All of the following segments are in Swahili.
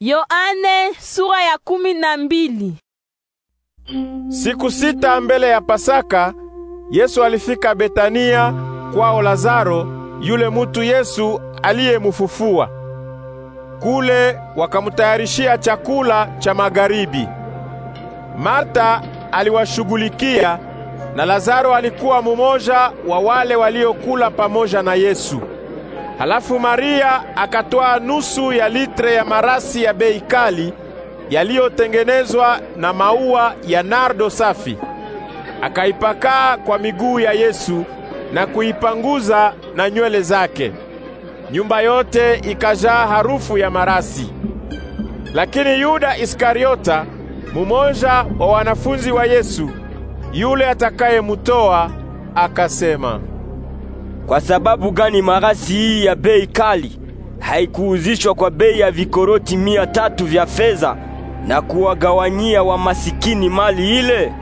Yoane sura ya kumi na mbili. Siku sita mbele ya Pasaka Yesu alifika Betania kwao Lazaro yule mutu Yesu aliyemufufua. Kule wakamutayarishia chakula cha magharibi. Marta aliwashughulikia na Lazaro alikuwa mumoja wa wale waliokula pamoja na Yesu. Halafu Maria akatoa nusu ya litre ya marasi ya bei kali yaliyotengenezwa na maua ya nardo safi, akaipakaa kwa miguu ya Yesu na kuipanguza na nywele zake. Nyumba yote ikajaa harufu ya marasi. Lakini Yuda Iskariota, mumoja wa wanafunzi wa Yesu, yule atakayemutoa, akasema kwa sababu gani marasi hii ya bei kali haikuuzishwa kwa bei ya vikoroti mia tatu vya fedha na kuwagawanyia wamasikini mali ile?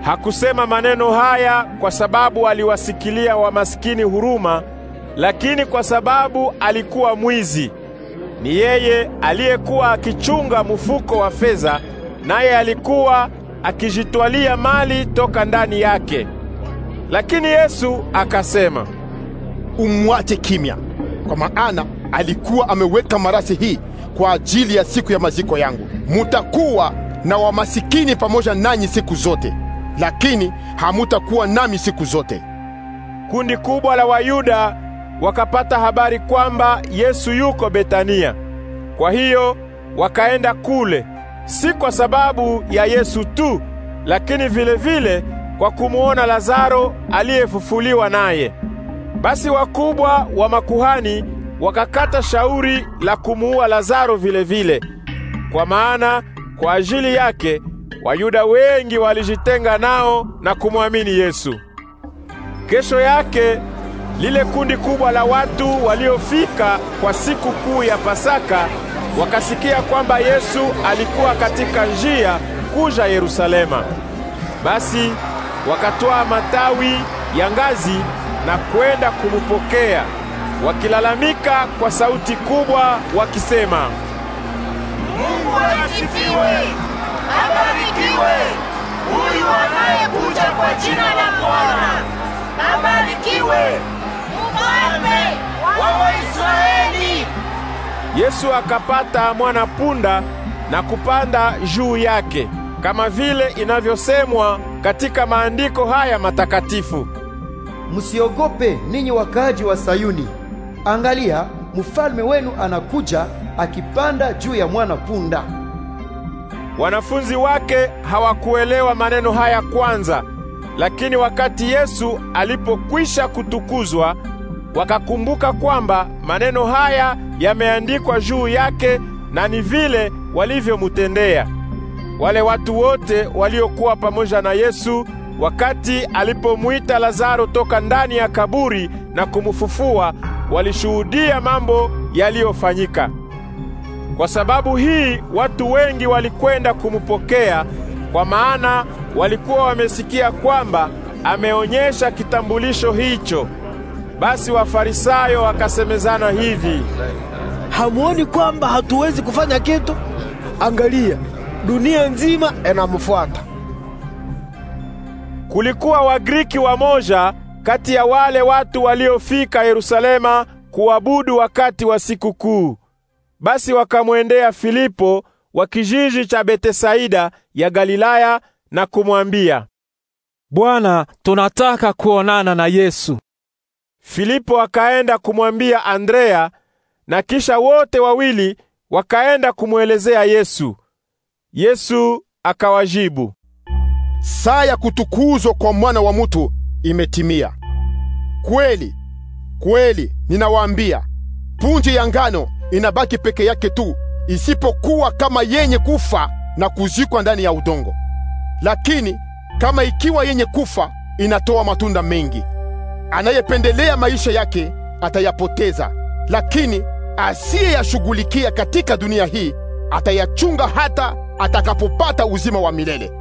Hakusema maneno haya kwa sababu aliwasikilia wamasikini huruma, lakini kwa sababu alikuwa mwizi. Ni yeye aliyekuwa akichunga mfuko wa fedha, naye alikuwa akijitwalia mali toka ndani yake. Lakini Yesu akasema, umwache kimya, kwa maana alikuwa ameweka marasi hii kwa ajili ya siku ya maziko yangu. Mutakuwa na wamasikini pamoja nanyi siku zote, lakini hamutakuwa nami siku zote. Kundi kubwa la Wayuda wakapata habari kwamba Yesu yuko Betania. Kwa hiyo wakaenda kule, si kwa sababu ya Yesu tu, lakini vile vile kwa kumuona Lazaro aliyefufuliwa naye. Basi wakubwa wa makuhani wakakata shauri la kumuua Lazaro vilevile vile. Kwa maana kwa ajili yake Wayuda wengi walijitenga nao na kumwamini Yesu. Kesho yake lile kundi kubwa la watu waliofika kwa siku kuu ya Pasaka wakasikia kwamba Yesu alikuwa katika njia kuja Yerusalema. Basi wakatoa matawi ya ngazi na kwenda kumupokea, wakilalamika kwa sauti kubwa wakisema, Mungu asifiwe! Abarikiwe huyu anayekuja kwa jina la Bwana! Abarikiwe mfalme wa Waisraeli! Yesu akapata mwana punda na kupanda juu yake, kama vile inavyosemwa katika maandiko haya matakatifu msiogope ninyi wakaaji wa Sayuni. Angalia, mfalme wenu anakuja akipanda juu ya mwana punda. Wanafunzi wake hawakuelewa maneno haya kwanza, lakini wakati Yesu alipokwisha kutukuzwa, wakakumbuka kwamba maneno haya yameandikwa juu yake na ni vile walivyomutendea. Wale watu wote waliokuwa pamoja na Yesu wakati alipomwita Lazaro toka ndani ya kaburi na kumfufua, walishuhudia mambo yaliyofanyika. Kwa sababu hii watu wengi walikwenda kumupokea, kwa maana walikuwa wamesikia kwamba ameonyesha kitambulisho hicho. Basi Wafarisayo wakasemezana hivi, hamuoni kwamba hatuwezi kufanya kitu? Angalia, dunia nzima inamfuata kulikuwa Wagriki wamoja kati ya wale watu waliofika Yerusalema kuabudu wakati wa sikukuu. Basi wakamwendea Filipo wa kijiji cha Betesaida ya Galilaya na kumwambia, Bwana, tunataka kuonana na Yesu. Filipo akaenda kumwambia Andrea, na kisha wote wawili wakaenda kumwelezea Yesu. Yesu akawajibu, saa ya kutukuzwa kwa mwana wa mutu imetimia. Kweli kweli ninawaambia, punje ya ngano inabaki peke yake tu, isipokuwa kama yenye kufa na kuzikwa ndani ya udongo. Lakini kama ikiwa yenye kufa, inatoa matunda mengi. Anayependelea maisha yake atayapoteza, lakini asiyeyashughulikia katika dunia hii atayachunga hata atakapopata uzima wa milele.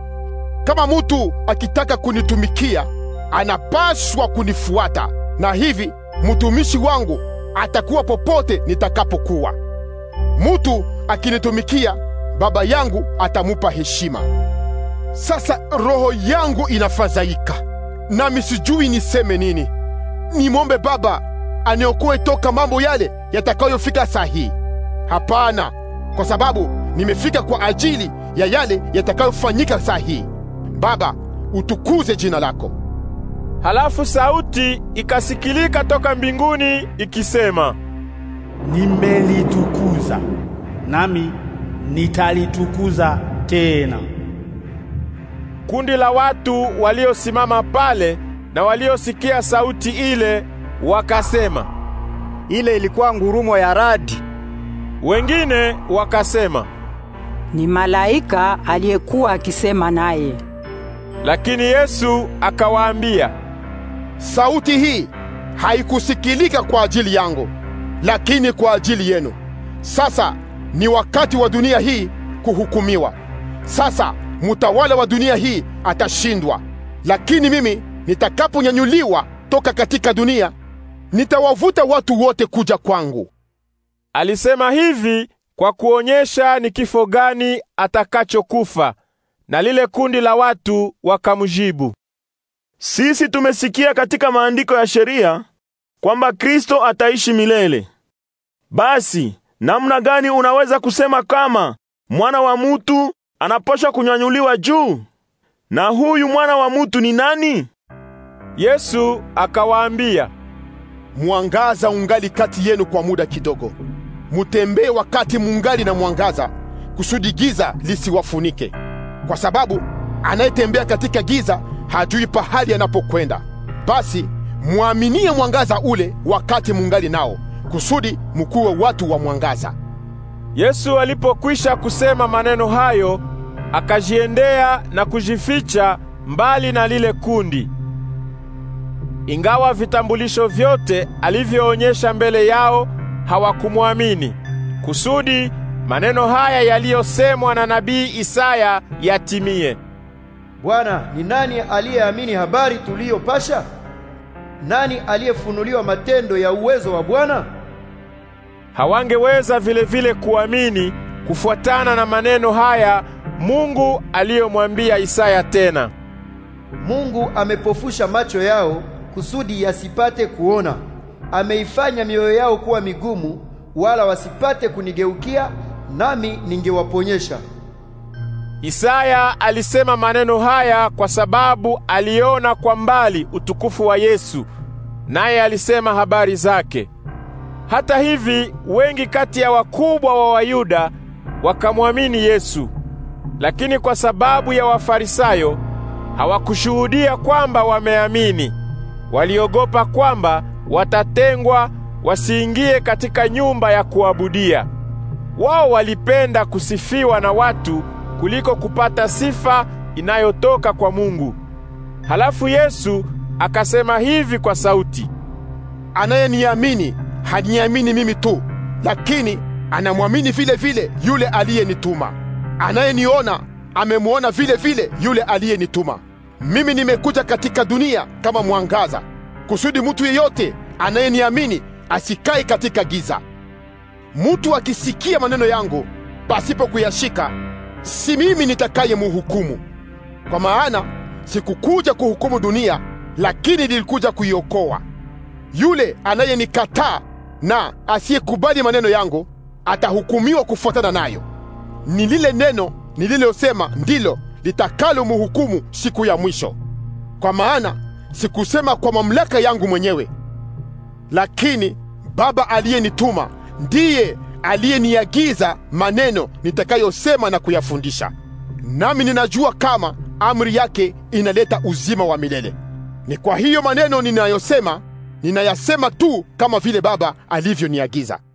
Kama mutu akitaka kunitumikia, anapaswa kunifuata, na hivi mtumishi wangu atakuwa popote nitakapokuwa. Mutu akinitumikia, Baba yangu atamupa heshima. Sasa roho yangu inafadhaika, nami sijui niseme nini. Nimwombe Baba aniokoe toka mambo yale yatakayofika saa hii? Hapana, kwa sababu nimefika kwa ajili ya yale yatakayofanyika saa hii. Baba, utukuze jina lako. Halafu sauti ikasikilika toka mbinguni ikisema, nimelitukuza nami nitalitukuza tena. Kundi la watu waliosimama pale na waliosikia sauti ile wakasema, ile ilikuwa ngurumo ya radi. Wengine wakasema, ni malaika aliyekuwa akisema naye. Lakini Yesu akawaambia, sauti hii haikusikilika kwa ajili yangu, lakini kwa ajili yenu. Sasa ni wakati wa dunia hii kuhukumiwa. Sasa mutawala wa dunia hii atashindwa, lakini mimi nitakaponyanyuliwa toka katika dunia, nitawavuta watu wote kuja kwangu. Alisema hivi kwa kuonyesha ni kifo gani atakachokufa na lile kundi la watu wakamjibu, sisi tumesikia katika maandiko ya sheria kwamba Kristo ataishi milele. Basi namna gani unaweza kusema kama mwana wa mutu anaposha kunyanyuliwa juu? Na huyu mwana wa mutu ni nani? Yesu akawaambia, mwangaza ungali kati yenu kwa muda kidogo. Mutembee wakati mungali na mwangaza, kusudi giza lisiwafunike kwa sababu anayetembea katika giza hajui pahali anapokwenda. Basi mwaminie mwangaza ule wakati mungali nao, kusudi mukuwe watu wa mwangaza. Yesu alipokwisha kusema maneno hayo, akajiendea na kujificha mbali na lile kundi. Ingawa vitambulisho vyote alivyoonyesha mbele yao hawakumwamini, kusudi maneno haya yaliyosemwa na nabii Isaya yatimie: Bwana, ni nani aliyeamini habari tuliyopasha? Nani aliyefunuliwa matendo ya uwezo wa Bwana? Hawangeweza vilevile kuamini kufuatana na maneno haya Mungu aliyomwambia Isaya tena. Mungu amepofusha macho yao kusudi yasipate kuona. Ameifanya mioyo yao kuwa migumu wala wasipate kunigeukia nami ningewaponyesha. Isaya alisema maneno haya kwa sababu aliona kwa mbali utukufu wa Yesu, naye alisema habari zake. Hata hivi wengi kati ya wakubwa wa Wayuda wakamwamini Yesu, lakini kwa sababu ya Wafarisayo hawakushuhudia kwamba wameamini. Waliogopa kwamba watatengwa wasiingie katika nyumba ya kuabudia. Wao walipenda kusifiwa na watu kuliko kupata sifa inayotoka kwa Mungu. Halafu Yesu akasema hivi kwa sauti, anayeniamini haniamini mimi tu, lakini anamwamini vile vile yule aliyenituma. Anayeniona amemwona vile vile yule aliyenituma. Mimi nimekuja katika dunia kama mwangaza, kusudi mtu yeyote anayeniamini asikae katika giza. Mutu akisikia maneno yangu pasipo kuyashika, si mimi nitakayemuhukumu, kwa maana sikukuja kuhukumu dunia, lakini nilikuja kuiokoa. Yule anayenikataa na asiyekubali maneno yangu atahukumiwa kufuatana nayo. Ni lile neno nililosema ndilo litakalomhukumu siku ya mwisho, kwa maana sikusema kwa mamlaka yangu mwenyewe, lakini Baba aliyenituma ndiye aliyeniagiza maneno nitakayosema na kuyafundisha, nami ninajua kama amri yake inaleta uzima wa milele. Ni kwa hiyo maneno ninayosema ninayasema tu kama vile Baba alivyoniagiza.